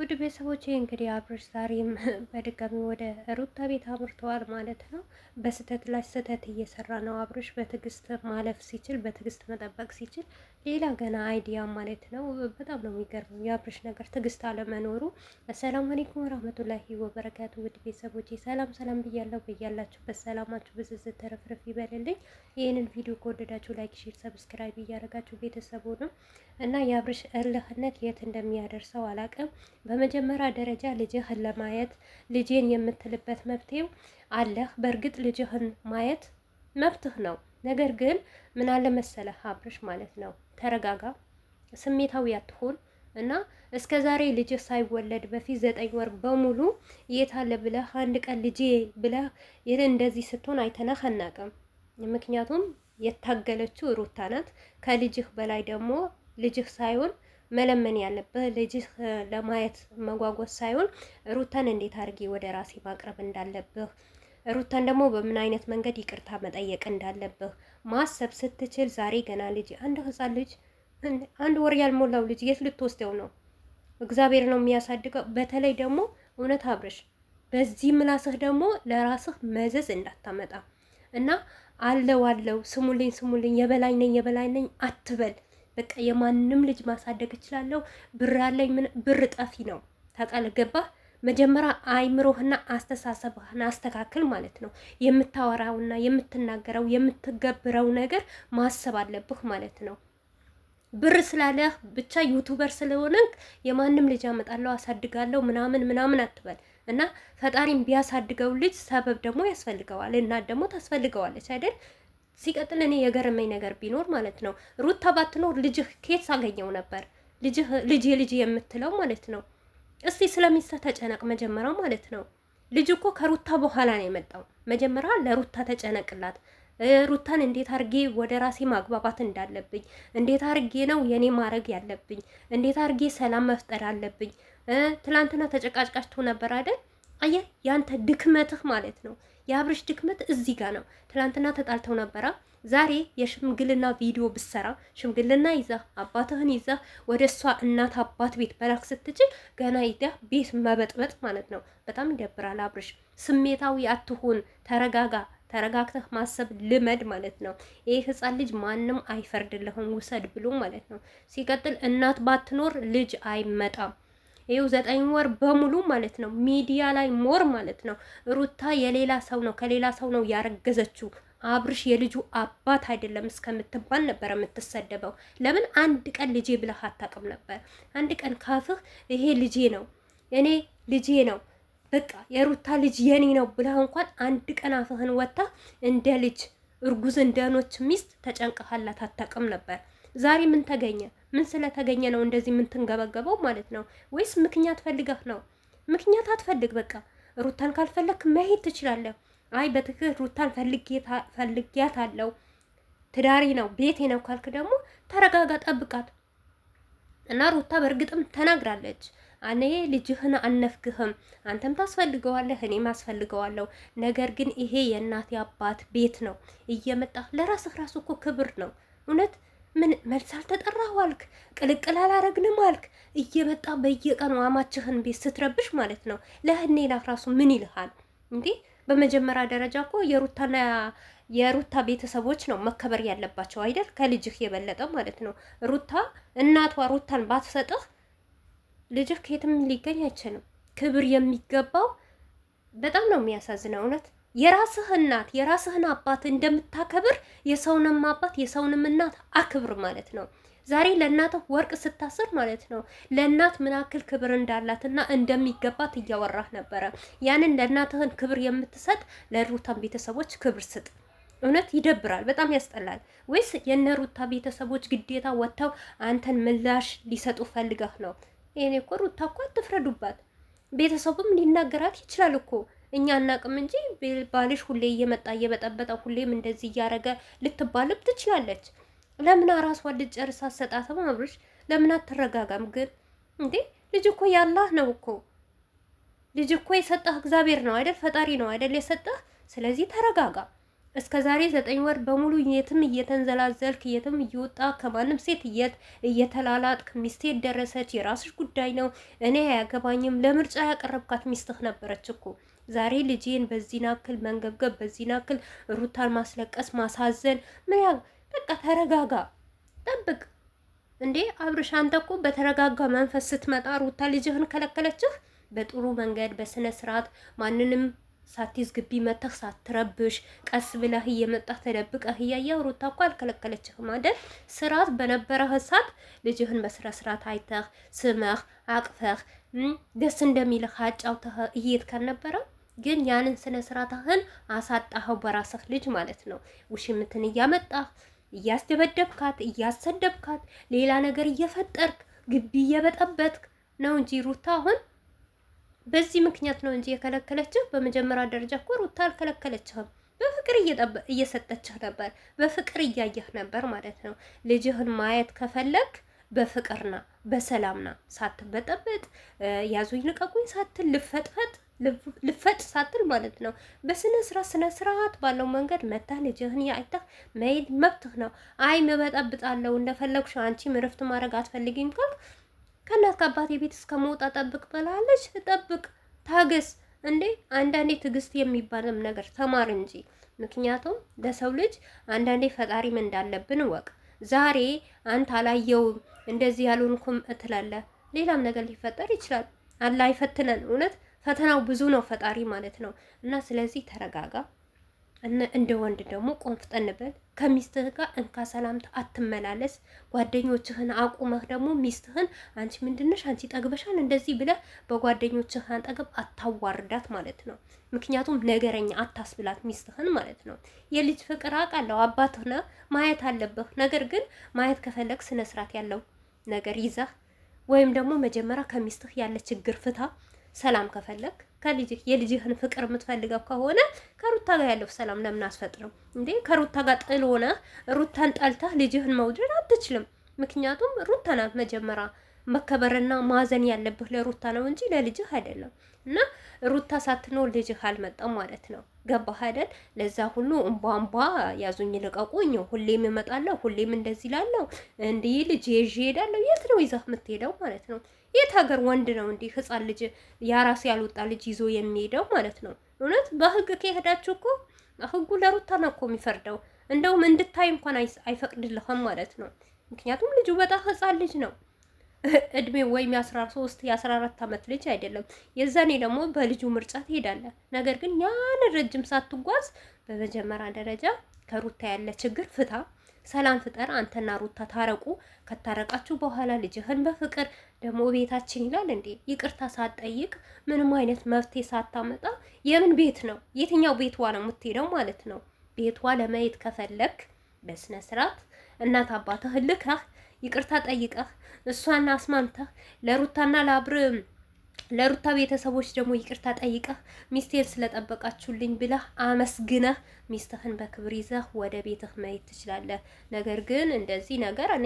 ውድ ቤተሰቦች እንግዲህ አብርሽ ዛሬም በድጋሚ ወደ ሩታ ቤት አምርተዋል ማለት ነው። በስህተት ላይ ስህተት እየሰራ ነው አብርሽ። በትዕግስት ማለፍ ሲችል፣ በትዕግስት መጠበቅ ሲችል ሌላ ገና አይዲያ ማለት ነው። በጣም ነው የሚገርመው የአብርሽ ነገር ትዕግስት አለመኖሩ። አሰላሙ አለይኩም ወራህመቱላሂ ወበረካቱ ውድ ቤተሰቦች ሰላም ሰላም ብያለሁ። በያላችሁበት ሰላማችሁ ብዝዝት ተረፍረፍ ይበልልኝ። ይህንን ቪዲዮ ከወደዳችሁ ላይክ፣ ሼር፣ ሰብስክራይብ እያደረጋችሁ ቤተሰቡ ነው እና የአብርሽ እልህነት የት እንደሚያደርሰው አላውቅም። በመጀመሪያ ደረጃ ልጅህን ለማየት ልጄን የምትልበት መብቴው አለህ። በእርግጥ ልጅህን ማየት መብትህ ነው። ነገር ግን ምን አለ መሰለህ አብርሽ ማለት ነው ተረጋጋ፣ ስሜታዊ አትሆን እና እስከ ዛሬ ልጅ ሳይወለድ በፊት ዘጠኝ ወር በሙሉ የታለ ብለህ አንድ ቀን ልጄ ብለህ እንደዚህ ስትሆን አይተነህ አናውቅም። ምክንያቱም የታገለችው ሩታ ናት። ከልጅህ በላይ ደግሞ ልጅህ ሳይሆን መለመን ያለብህ ልጅህ ለማየት መጓጓት ሳይሆን ሩታን እንዴት አድርጌ ወደ ራሴ ማቅረብ እንዳለብህ ሩታን ደግሞ በምን አይነት መንገድ ይቅርታ መጠየቅ እንዳለብህ ማሰብ ስትችል ዛሬ ገና ልጅ አንድ ህፃን ልጅ አንድ ወር ያልሞላው ልጅ የት ልትወስደው ነው? እግዚአብሔር ነው የሚያሳድገው። በተለይ ደግሞ እውነት አብረሽ በዚህ ምላስህ ደግሞ ለራስህ መዘዝ እንዳታመጣ እና አለው አለው ስሙልኝ ስሙልኝ የበላይ ነኝ የበላይ ነኝ አትበል። በቃ የማንም ልጅ ማሳደግ እችላለሁ ብር አለኝ ምን ብር ጠፊ ነው ታውቃለህ ገባህ መጀመሪያ አይምሮህና አስተሳሰብህን አስተካክል ማለት ነው። የምታወራውና የምትናገረው የምትገብረው ነገር ማሰብ አለብህ ማለት ነው። ብር ስላለህ ብቻ ዩቱበር ስለሆነንክ የማንም ልጅ አመጣለሁ አሳድጋለሁ ምናምን ምናምን አትበል እና ፈጣሪም ቢያሳድገው ልጅ ሰበብ ደግሞ ያስፈልገዋል። እናት ደግሞ ታስፈልገዋለች አይደል? ሲቀጥል እኔ የገረመኝ ነገር ቢኖር ማለት ነው ሩታ ባትኖር ልጅህ ኬት ሳገኘው ነበር ልጅህ ልጅ ልጅ የምትለው ማለት ነው እስቲ ስለሚስታ ተጨነቅ መጀመሪያው ማለት ነው። ልጅ እኮ ከሩታ በኋላ ነው የመጣው። መጀመሪያ ለሩታ ተጨነቅላት። ሩታን እንዴት አርጌ ወደ ራሴ ማግባባት እንዳለብኝ፣ እንዴት አርጌ ነው የኔ ማድረግ ያለብኝ፣ እንዴት አርጌ ሰላም መፍጠር አለብኝ። ትላንትና ተጨቃጭቃችሁ ነበር አይደል? አየህ፣ ያንተ ድክመትህ ማለት ነው። የአብርሽ ድክመት እዚህ ጋር ነው። ትናንትና ተጣልተው ነበራ። ዛሬ የሽምግልና ቪዲዮ ብሰራ ሽምግልና ይዛ አባትህን ይዛ ወደ እሷ እናት አባት ቤት መላክ ስትችል ገና ይዘህ ቤት መበጥበጥ ማለት ነው። በጣም ይደብራል። አብርሽ ስሜታዊ አትሁን፣ ተረጋጋ። ተረጋግተህ ማሰብ ልመድ ማለት ነው። ይህ ህፃን ልጅ ማንም አይፈርድልህም ውሰድ ብሎ ማለት ነው። ሲቀጥል እናት ባትኖር ልጅ አይመጣም። ይኸው ዘጠኝ ወር በሙሉ ማለት ነው ሚዲያ ላይ ሞር ማለት ነው ሩታ የሌላ ሰው ነው ከሌላ ሰው ነው ያረገዘችው አብርሽ የልጁ አባት አይደለም እስከምትባል ነበር የምትሰደበው። ለምን አንድ ቀን ልጄ ብለህ አታውቅም ነበር? አንድ ቀን ካፍህ ይሄ ልጄ ነው እኔ ልጄ ነው በቃ የሩታ ልጅ የኔ ነው ብለህ እንኳን አንድ ቀን አፍህን ወጥታ እንደ ልጅ እርጉዝ እንደኖች ሚስት ተጨንቀሃላት አታውቅም ነበር። ዛሬ ምን ተገኘ? ምን ስለተገኘ ነው እንደዚህ የምትንገበገበው ማለት ነው? ወይስ ምክንያት ፈልገህ ነው? ምክንያት አትፈልግ። በቃ ሩታን ካልፈለክ መሄድ ትችላለህ። አይ በትክክል ሩታን ፈልጊያት አለው ትዳሪ ነው ቤቴ ነው ካልክ ደግሞ ተረጋጋ፣ ጠብቃት እና ሩታ በእርግጥም ተናግራለች። እኔ ልጅህን አነፍግህም፣ አንተም ታስፈልገዋለህ፣ እኔም አስፈልገዋለሁ። ነገር ግን ይሄ የእናት አባት ቤት ነው እየመጣ ለራስህ ራስህ እኮ ክብር ነው እውነት ምን መልስ አልተጠራሁ አልክ፣ ቅልቅል አላረግንም አልክ። እየመጣ በየቀኑ አማችህን ቤት ስትረብሽ ማለት ነው። ለህኔላት ራሱ ምን ይልሃል እንዴ? በመጀመሪያ ደረጃ እኮ የሩታና የሩታ ቤተሰቦች ነው መከበር ያለባቸው አይደል? ከልጅህ የበለጠ ማለት ነው። ሩታ እናቷ ሩታን ባትሰጥህ ልጅህ ከየትም ሊገኝ አይችልም። ክብር የሚገባው በጣም ነው የሚያሳዝነው እውነት የራስህ እናት የራስህን አባት እንደምታከብር የሰውንም አባት የሰውንም እናት አክብር ማለት ነው። ዛሬ ለእናትህ ወርቅ ስታስር ማለት ነው ለእናት ምን ያክል ክብር እንዳላትና እንደሚገባት እያወራህ ነበረ። ያንን ለእናትህን ክብር የምትሰጥ ለሩታን ቤተሰቦች ክብር ስጥ። እውነት ይደብራል፣ በጣም ያስጠላል። ወይስ ሩታ ቤተሰቦች ግዴታ ወጥተው አንተን ምላሽ ሊሰጡ ፈልገህ ነው? ይሄኔ እኮ ሩታ እኮ አትፍረዱባት። ቤተሰቡም ሊናገራት ይችላል እኮ እኛ አናቅም እንጂ ባልሽ ሁሌ እየመጣ እየበጠበጠ ሁሌም እንደዚህ እያደረገ ልትባልብ ትችላለች። ለምን አራሷ ልጨርስ አሰጣትም? አብርሽ ለምን አትረጋጋም ግን? እንዴ ልጅ እኮ ያላህ ነው እኮ ልጅ እኮ የሰጠህ እግዚአብሔር ነው አይደል? ፈጣሪ ነው አይደል የሰጠህ። ስለዚህ ተረጋጋ። እስከ ዛሬ ዘጠኝ ወር በሙሉ የትም እየተንዘላዘልክ የትም እየወጣ ከማንም ሴት የት እየተላላጥክ ሚስቴ ደረሰች፣ የራስሽ ጉዳይ ነው፣ እኔ አያገባኝም። ለምርጫ ያቀረብካት ሚስትህ ነበረች እኮ። ዛሬ ልጄን በዚህ ናክል መንገብገብ፣ በዚህ ናክል ሩታን ማስለቀስ፣ ማሳዘን፣ ምን ያ በቃ ተረጋጋ፣ ጠብቅ እንዴ አብርሽ። አንተ እኮ በተረጋጋ መንፈስ ስትመጣ ሩታ ልጅህን ከለከለችህ። በጥሩ መንገድ በስነ ስርዓት ማንንም ሳትይዝ ግቢ መተህ ሳትረብሽ ቀስ ብለህ እየመጣህ ተደብቀህ እያየህ ሩታ እኮ አልከለከለችህም አይደል? ስርዓት በነበረህ ሰዓት ልጅህን በስነ ስርዓት አይተህ ስመህ አቅፈህ ደስ እንደሚልህ አጫውተህ እየት ካልነበረ ግን ያንን ስነ ስርዓትህን አሳጣኸው በራስህ ልጅ ማለት ነው። ውሽምትን እያመጣህ እያስደበደብካት፣ እያሰደብካት፣ ሌላ ነገር እየፈጠርክ ግቢ እየበጠበትክ ነው እንጂ ሩታ አሁን በዚህ ምክንያት ነው እንጂ የከለከለችው። በመጀመሪያ ደረጃ እኮ ሩታ አልከለከለችህም። በፍቅር እየሰጠችህ ነበር፣ በፍቅር እያየህ ነበር ማለት ነው። ልጅህን ማየት ከፈለግ በፍቅርና በሰላምና ሳትበጠበጥ ያዙኝ ልቀቁኝ ሳትል ልፈጥፈጥ ልፈጥ ሳትል ማለት ነው። በስነ ስርዓት ስነ ስርዓት ባለው መንገድ መታ ልጅህን ያይታህ መሄድ መብትህ ነው። አይ ምበጠብጣለው እንደፈለግሽ አንቺ ምርፍት ማድረግ አትፈልጊም ካልክ ከእናት ከአባቴ ቤት እስከመውጣ ጠብቅ ብላለች። ጠብቅ፣ ታገስ። እንዴ አንዳንዴ ትዕግስት የሚባልም ነገር ተማር እንጂ። ምክንያቱም ለሰው ልጅ አንዳንዴ ፈጣሪም እንዳለብን ወቅ ዛሬ አንተ አላየውም እንደዚህ ያልሆንኩም እትላለህ፣ ሌላም ነገር ሊፈጠር ይችላል። አላህ ይፈትነን። እውነት ፈተናው ብዙ ነው ፈጣሪ ማለት ነው። እና ስለዚህ ተረጋጋ። እንደ ወንድ ደግሞ ቆንፍጠንበት ከሚስትህ ጋር እንካ ሰላምታ አትመላለስ። ጓደኞችህን አቁመህ ደግሞ ሚስትህን አንቺ ምንድነሽ አንቺ ጠግበሻል እንደዚህ ብለህ በጓደኞችህ አጠገብ አታዋርዳት ማለት ነው። ምክንያቱም ነገረኛ አታስብላት ሚስትህን ማለት ነው። የልጅ ፍቅር አውቃለሁ፣ አባትህ ማየት አለብህ። ነገር ግን ማየት ከፈለግ ስነ ስርዓት ያለው ነገር ይዘህ ወይም ደግሞ መጀመሪያ ከሚስትህ ያለ ችግር ፍታ ሰላም ከፈለግ ከልጅህ የልጅህን ፍቅር የምትፈልገው ከሆነ ከሩታ ጋር ያለው ሰላም ለምን አስፈጥርም እንዴ? ከሩታ ጋር ጥል ሆነ ሩታን ጠልተህ ልጅህን መውደድ አትችልም። ምክንያቱም ሩታ ናት መጀመሪያ መከበርና ማዘን ያለብህ ለሩታ ነው እንጂ ለልጅህ አይደለም። እና ሩታ ሳትኖር ልጅህ አልመጣም ማለት ነው። ገባህ አይደል? ለዛ ሁሉ እንባ እንባ ያዙኝ ልቀቁኝ፣ ሁሌም እመጣለሁ፣ ሁሌም እንደዚህ ላለው እንዲህ ልጅ ይዤ እሄዳለሁ። የት ነው ይዛህ የምትሄደው ማለት ነው? የት ሀገር ወንድ ነው እንዲህ ህፃን ልጅ ያራሱ ያልወጣ ልጅ ይዞ የሚሄደው ማለት ነው። እውነት በህግ ከሄዳችሁ እኮ ህጉ ለሩታ ነው እኮ የሚፈርደው። እንደውም እንድታይ እንኳን አይፈቅድልህም ማለት ነው። ምክንያቱም ልጁ በጣም ህፃን ልጅ ነው። እድሜ ወይም የአስራ ሶስት የአስራ አራት ዓመት ልጅ አይደለም። የዛኔ ደግሞ በልጁ ምርጫ ትሄዳለህ። ነገር ግን ያን ረጅም ሳትጓዝ በመጀመሪያ ደረጃ ከሩታ ያለ ችግር ፍታ። ሰላም ፍጠር፣ አንተና ሩታ ታረቁ። ከታረቃችሁ በኋላ ልጅህን በፍቅር ደግሞ ቤታችን ይላል እንዴ? ይቅርታ ሳትጠይቅ ምንም አይነት መፍትሄ ሳታመጣ የምን ቤት ነው? የትኛው ቤቷ ነው የምትሄደው ማለት ነው? ቤቷ ለማየት ከፈለክ በስነ ስርዓት እናት አባትህ ልከህ ይቅርታ ጠይቀህ እሷን አስማምተህ ለሩታና ለአብር ለሩታ ቤተሰቦች ደግሞ ይቅርታ ጠይቀ ሚስቴን ስለጠበቃችሁልኝ ብለህ አመስግነህ ሚስትህን በክብር ይዘህ ወደ ቤትህ መሄድ ትችላለህ። ነገር ግን እንደዚህ ነገር